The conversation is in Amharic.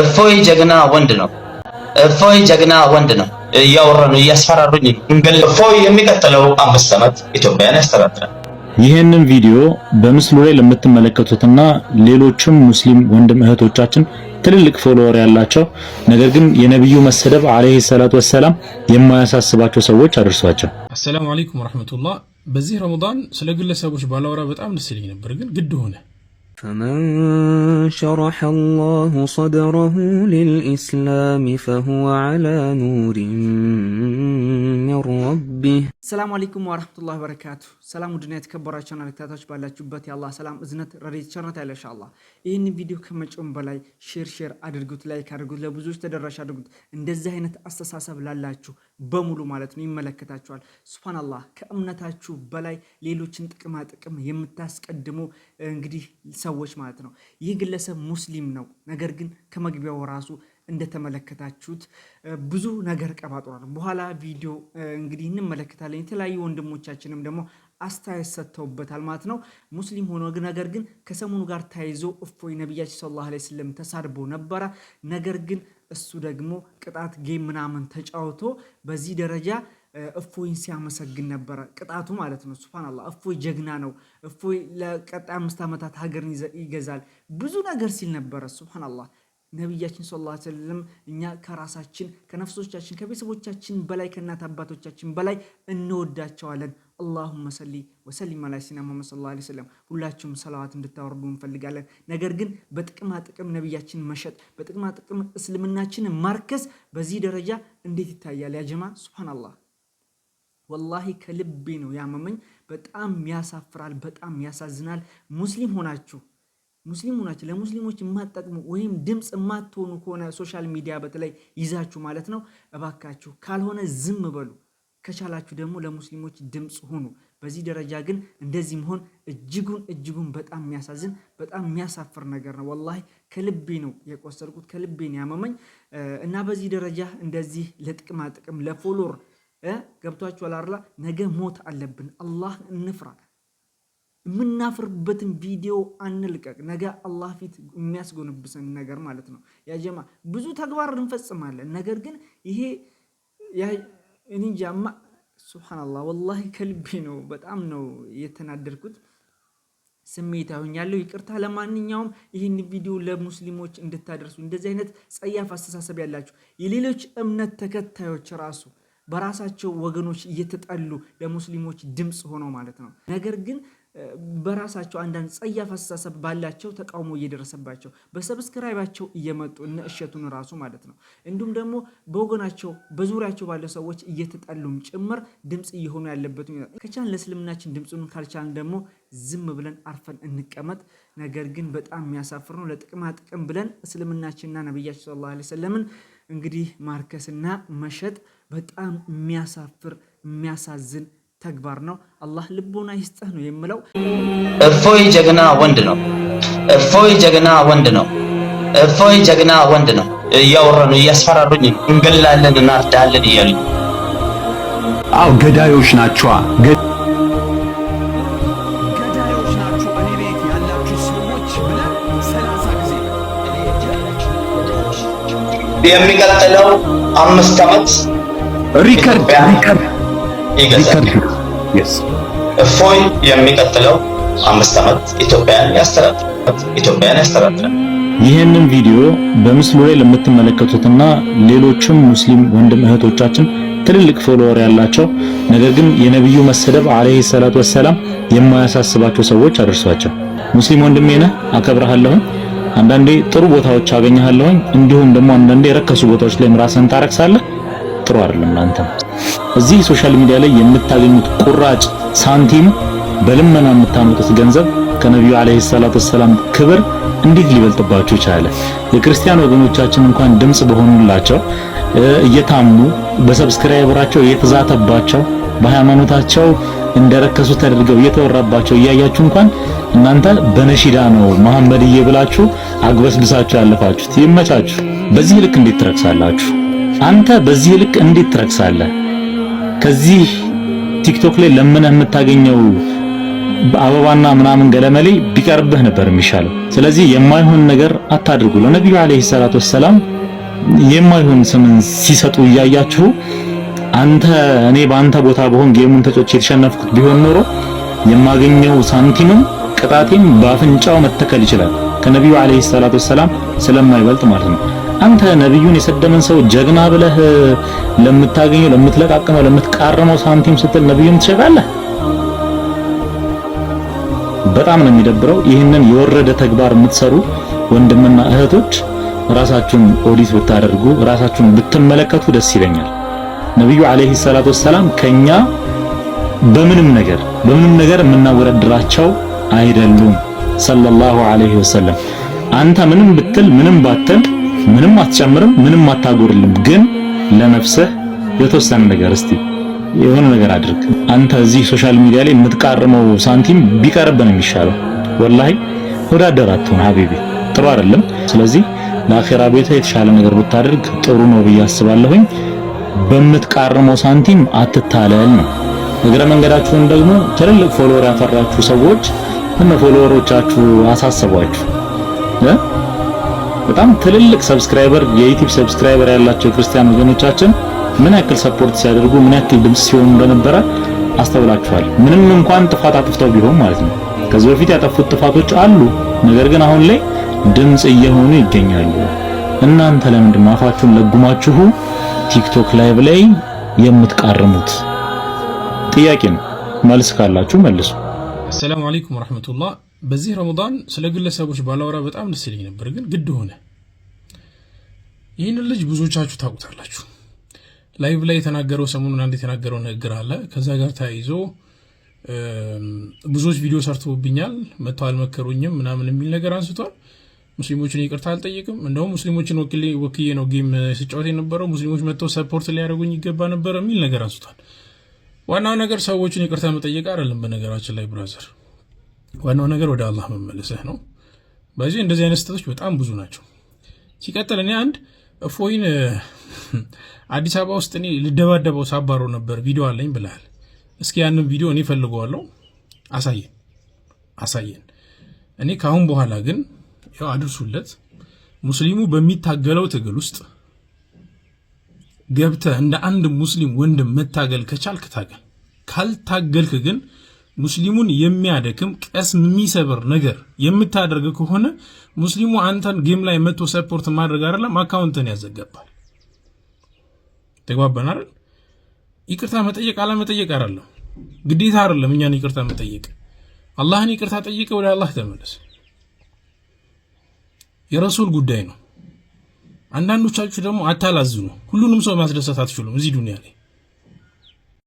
እፎይ ጀግና ወንድ ነው። እፎይ ጀግና ወንድ ነው። እያወረኑ እያስፈራሩኝ እንገል እፎይ የሚቀጥለው አምስት ዓመት ኢትዮጵያን ያስተዳድራል። ይህንን ቪዲዮ በምስሉ ላይ ለምትመለከቱትና ሌሎችም ሙስሊም ወንድም እህቶቻችን ትልልቅ ፎሎወር ያላቸው ነገር ግን የነብዩ መሰደብ አለይሂ ሰላቱ ወሰላም የማያሳስባቸው ሰዎች አድርሷቸው። አሰላሙ አለይኩም ወራህመቱላህ። በዚህ ረመዳን ስለ ግለሰቦች ባላወራ በጣም ደስ ይለኝ ነበር፣ ግን ግድ ሆነ። فمن شرح الله صدره للإسلام فهو على نور من ربه السلام عليكم ورحمة الله وبركاته ሰላም ውድና የተከበራቸውን አለክታታች ባላችሁበት የአላህ ሰላም እዝነት ረድኤት ቸርነት አይለሻ አላ ይህን ቪዲዮ ከመጨም በላይ ሼር ሼር አድርጉት ላይክ አድርጉት ለብዙዎች ተደራሽ አድርጉት እንደዚህ አይነት አስተሳሰብ ላላችሁ በሙሉ ማለት ነው ይመለከታችኋል። ሱብሃናላህ ከእምነታችሁ በላይ ሌሎችን ጥቅማ ጥቅም የምታስቀድሙ እንግዲህ ሰዎች ማለት ነው። ይህ ግለሰብ ሙስሊም ነው። ነገር ግን ከመግቢያው ራሱ እንደተመለከታችሁት ብዙ ነገር ቀባጥሯል። በኋላ ቪዲዮ እንግዲህ እንመለከታለን። የተለያዩ ወንድሞቻችንም ደግሞ አስተያየት ሰጥተውበታል ማለት ነው። ሙስሊም ሆኖ ነገር ግን ከሰሞኑ ጋር ተያይዞ እፎይ ነቢያችን ሰለላሁ ዐለይሂ ወሰለም ተሳድቦ ነበረ። ነገር ግን እሱ ደግሞ ቅጣት ጌም ምናምን ተጫውቶ በዚህ ደረጃ እፎይን ሲያመሰግን ነበረ። ቅጣቱ ማለት ነው። ሱብሃነላህ እፎይ ጀግና ነው፣ እፎይ ለቀጣይ አምስት ዓመታት ሀገርን ይገዛል ብዙ ነገር ሲል ነበረ። ሱብሃነላህ ነቢያችን ሰለላሁ ዐለይሂ ወሰለም እኛ ከራሳችን ከነፍሶቻችን ከቤተሰቦቻችን በላይ ከእናት አባቶቻችን በላይ እንወዳቸዋለን። አላሁመ ሰሊ ወሰሊም አላ ሲና ሙሐመድ ሰለላሁ ዐለይሂ ወሰለም። ሁላችሁም ሰላዋት እንድታወርዱ እንፈልጋለን። ነገር ግን በጥቅማ ጥቅም ነቢያችን መሸጥ፣ በጥቅማ ጥቅም እስልምናችንን ማርከስ በዚህ ደረጃ እንዴት ይታያል? ያጀማ ሱብሃነላህ። ወላሂ ከልቤ ነው ያመመኝ። በጣም ያሳፍራል፣ በጣም ያሳዝናል። ሙስሊም ሆናችሁ ሙስሊም ሆናችሁ ለሙስሊሞች የማትጠቅሙ ወይም ድምፅ የማትሆኑ ከሆነ ሶሻል ሚዲያ በተለይ ይዛችሁ ማለት ነው፣ እባካችሁ ካልሆነ ዝም በሉ። ከቻላችሁ ደግሞ ለሙስሊሞች ድምፅ ሁኑ። በዚህ ደረጃ ግን እንደዚህ መሆን እጅጉን እጅጉን በጣም የሚያሳዝን በጣም የሚያሳፍር ነገር ነው። ወላሂ ከልቤ ነው የቆሰልኩት፣ ከልቤ ነው ያመመኝ እና በዚህ ደረጃ እንደዚህ ለጥቅማ ጥቅም ለፎሎር ገብቷችሁ አላርላ ነገ ሞት አለብን። አላህ እንፍራ። የምናፍርበትን ቪዲዮ አንልቀቅ። ነገ አላህ ፊት የሚያስጎንብሰን ነገር ማለት ነው። ያጀማ ብዙ ተግባር እንፈጽማለን። ነገር ግን ይሄ እንጃማ ሱብሃነላህ ወላሂ ከልቤ ነው። በጣም ነው የተናደርኩት። ስሜታዊኛለሁ። ይቅርታ። ለማንኛውም ይህን ቪዲዮ ለሙስሊሞች እንድታደርሱ እንደዚህ አይነት ጸያፍ አስተሳሰብ ያላችሁ የሌሎች እምነት ተከታዮች ራሱ በራሳቸው ወገኖች እየተጠሉ ለሙስሊሞች ድምፅ ሆነው ማለት ነው ነገር ግን በራሳቸው አንዳንድ ጸያፍ አስተሳሰብ ባላቸው ተቃውሞ እየደረሰባቸው በሰብስክራይባቸው እየመጡ እነ እሸቱን ራሱ ማለት ነው እንዲሁም ደግሞ በወገናቸው በዙሪያቸው ባለ ሰዎች እየተጠሉም ጭምር ድምፅ እየሆኑ ያለበት ከቻን ለእስልምናችን ድምፁን ካልቻልን ደግሞ ዝም ብለን አርፈን እንቀመጥ። ነገር ግን በጣም የሚያሳፍር ነው። ለጥቅማ ጥቅም ብለን እስልምናችንና ነቢያችን ሰለላሁ ዐለይሂ ወሰለምን እንግዲህ ማርከስና መሸጥ በጣም የሚያሳፍር የሚያሳዝን ተግባር ነው። አላህ ልቦና ይስጥህ ነው የምለው። እፎይ ጀግና ወንድ ነው። እፎይ ጀግና ወንድ ነው። እፎይ ጀግና ወንድ ነው። እያወረኑ እያስፈራሩኝ፣ እንገላለን፣ እናርዳለን እያሉኝ። አዎ ገዳዮች ናቸዋ። የሚቀጥለው አምስት ዓመት ሪከርድ ሪከርድ ይገዛል። እፎይ የሚቀጥለው አምስት ዓመት ኢትዮጵያን ያስተዳድራል። ኢትዮጵያን ያስተዳድራል። ይህንን ቪዲዮ በምስሉ ላይ ለምትመለከቱትና ሌሎችም ሙስሊም ወንድም እህቶቻችን ትልልቅ ፎሎወር ያላቸው ነገር ግን የነቢዩ መሰደብ አለይሂ ሰላቱ ወሰላም የማያሳስባቸው ሰዎች አድርሷቸው። ሙስሊም ወንድሜ ነህ፣ አከብረሃለሁኝ። አንዳንዴ ጥሩ ቦታዎች አገኘሃለሁኝ፣ እንዲሁም ደግሞ አንዳንዴ የረከሱ ቦታዎች ላይ ራስህን ታረክሳለህ። ጥሩ አይደለም ለአንተም እዚህ ሶሻል ሚዲያ ላይ የምታገኙት ቁራጭ ሳንቲም በልመና የምታመጡት ገንዘብ ከነቢዩ አለይሂ ሰላቱ ሰላም ክብር እንዴት ሊበልጥባችሁ ቻለ? የክርስቲያን ወገኖቻችን እንኳን ድምጽ በሆኑላቸው እየታሙ በሰብስክራይበራቸው እየተዛተባቸው በሃይማኖታቸው እንደረከሱ ተደርገው እየተወራባቸው እያያችሁ እንኳን እናንተ በነሺዳ ነው መሐመድዬ ብላችሁ አግበስብሳችሁ ያለፋችሁት። ይመቻችሁ። በዚህ ልክ እንዴት ትረክሳላችሁ? አንተ በዚህ ልክ እንዴት ትረክሳለህ? ከዚህ ቲክቶክ ላይ ለምነህ የምታገኘው አበባና ምናምን ገለመሌ ቢቀርብህ ነበር የሚሻለው። ስለዚህ የማይሆን ነገር አታድርጉ። ለነቢዩ አለይሂ ሰላቱ ወሰላም የማይሆን ስምን ሲሰጡ እያያችሁ አንተ እኔ በአንተ ቦታ በሆን ጌሙን ተጮቼ የተሸነፍኩት ቢሆን ኖሮ የማገኘው ሳንቲምም ቅጣቴም በአፍንጫው መተከል ይችላል። ከነቢዩ አለይሂ ሰላቱ ወሰላም ስለማይበልጥ ማለት ነው። አንተ ነብዩን የሰደመን ሰው ጀግና ብለህ ለምታገኘው፣ ለምትለቃቅመው፣ ለምትቃርመው ሳንቲም ስትል ነብዩን ትሸጣለህ። በጣም ነው የሚደብረው። ይህንን የወረደ ተግባር የምትሰሩ ወንድምና እህቶች ራሳችሁን ኦዲት ብታደርጉ፣ ራሳችሁን ብትመለከቱ ደስ ይለኛል። ነብዩ አለይሂ ሰላቱ ወሰላም ከኛ በምንም ነገር በምንም ነገር የምናወዳድራቸው አይደሉም። ሰለላሁ ዐለይሂ ወሰለም አንተ ምንም ብትል ምንም ባትል ምንም አትጨምርም፣ ምንም አታጎርልም። ግን ለነፍስህ የተወሰነ ነገር እስቲ የሆነ ነገር አድርግ። አንተ እዚህ ሶሻል ሚዲያ ላይ የምትቃርመው ሳንቲም ቢቀርብ ነው የሚሻለው። ወላሂ ወዳደር አትሆን ሀቢቢ፣ ጥሩ አይደለም። ስለዚህ ለአኺራ ቤተ የተሻለ ነገር ብታደርግ ጥሩ ነው ብዬ አስባለሁኝ። በምትቃርመው ሳንቲም አትታለል ነው። እግረ መንገዳችሁን ደግሞ ትልልቅ ፎሎወር ያፈራችሁ ሰዎች እነ ፎሎወሮቻችሁ አሳስቧችሁ በጣም ትልልቅ ሰብስክራይበር የዩቲዩብ ሰብስክራይበር ያላቸው የክርስቲያን ወገኖቻችን ምን ያክል ሰፖርት ሲያደርጉ ምን ያክል ድምጽ ሲሆኑ እንደነበረ አስተውላችኋል። ምንም እንኳን ጥፋት አጥፍተው ቢሆን ማለት ነው። ከዚህ በፊት ያጠፉት ጥፋቶች አሉ። ነገር ግን አሁን ላይ ድምጽ እየሆኑ ይገኛሉ። እናንተ ለምንድን አፋችሁን ለጉማችሁ ቲክቶክ ላይቭ ላይ የምትቃርሙት? ጥያቄ ነው። መልስ ካላችሁ መልሱ። አሰላሙ አለይኩም ወራህመቱላህ በዚህ ረመዳን ስለ ግለሰቦች ባላወራ በጣም ደስ ይለኝ ነበር፣ ግን ግድ ሆነ። ይህንን ልጅ ብዙዎቻችሁ ታውቁታላችሁ። ላይቭ ላይ የተናገረው ሰሞኑን አንድ የተናገረው ንግግር አለ። ከዛ ጋር ተያይዞ ብዙዎች ቪዲዮ ሰርተውብኛል፣ መጥተው አልመከሩኝም ምናምን የሚል ነገር አንስቷል። ሙስሊሞችን ይቅርታ አልጠይቅም፣ እንደውም ሙስሊሞችን ወክዬ ነው ጌም ስጫወት የነበረው፣ ሙስሊሞች መጥተው ሰፖርት ሊያደርጉኝ ይገባ ነበር የሚል ነገር አንስቷል። ዋናው ነገር ሰዎችን ይቅርታ መጠየቅ አይደለም። በነገራችን ላይ ብራዘር ዋናው ነገር ወደ አላህ መመለስህ ነው። በዚህ እንደዚህ አይነት ስህተቶች በጣም ብዙ ናቸው። ሲቀጥል እኔ አንድ እፎይን አዲስ አበባ ውስጥ እኔ ልደባደበው ሳባሮ ነበር ቪዲዮ አለኝ ብለሃል። እስኪ ያንን ቪዲዮ እኔ ፈልገዋለሁ፣ አሳየን አሳየን። እኔ ከአሁን በኋላ ግን ያው አድርሱለት ሙስሊሙ በሚታገለው ትግል ውስጥ ገብተህ እንደ አንድ ሙስሊም ወንድም መታገል ከቻልክ ታገል፣ ካልታገልክ ግን ሙስሊሙን የሚያደክም ቀስም የሚሰብር ነገር የምታደርግ ከሆነ ሙስሊሙ አንተን ጌም ላይ መጥቶ ሰፖርት ማድረግ አይደለም አካውንትን ያዘገባል። ተግባባን አይደል? ይቅርታ መጠየቅ አለመጠየቅ አይደለም፣ ግዴታ አይደለም እኛን ይቅርታ መጠየቅ። አላህን ይቅርታ ጠይቀ፣ ወደ አላህ ተመለስ። የረሱል ጉዳይ ነው። አንዳንዶቻችሁ ደግሞ አታላዝኑ። ሁሉንም ሰው ማስደሰት አትችሉም እዚህ ዱኒያ ላይ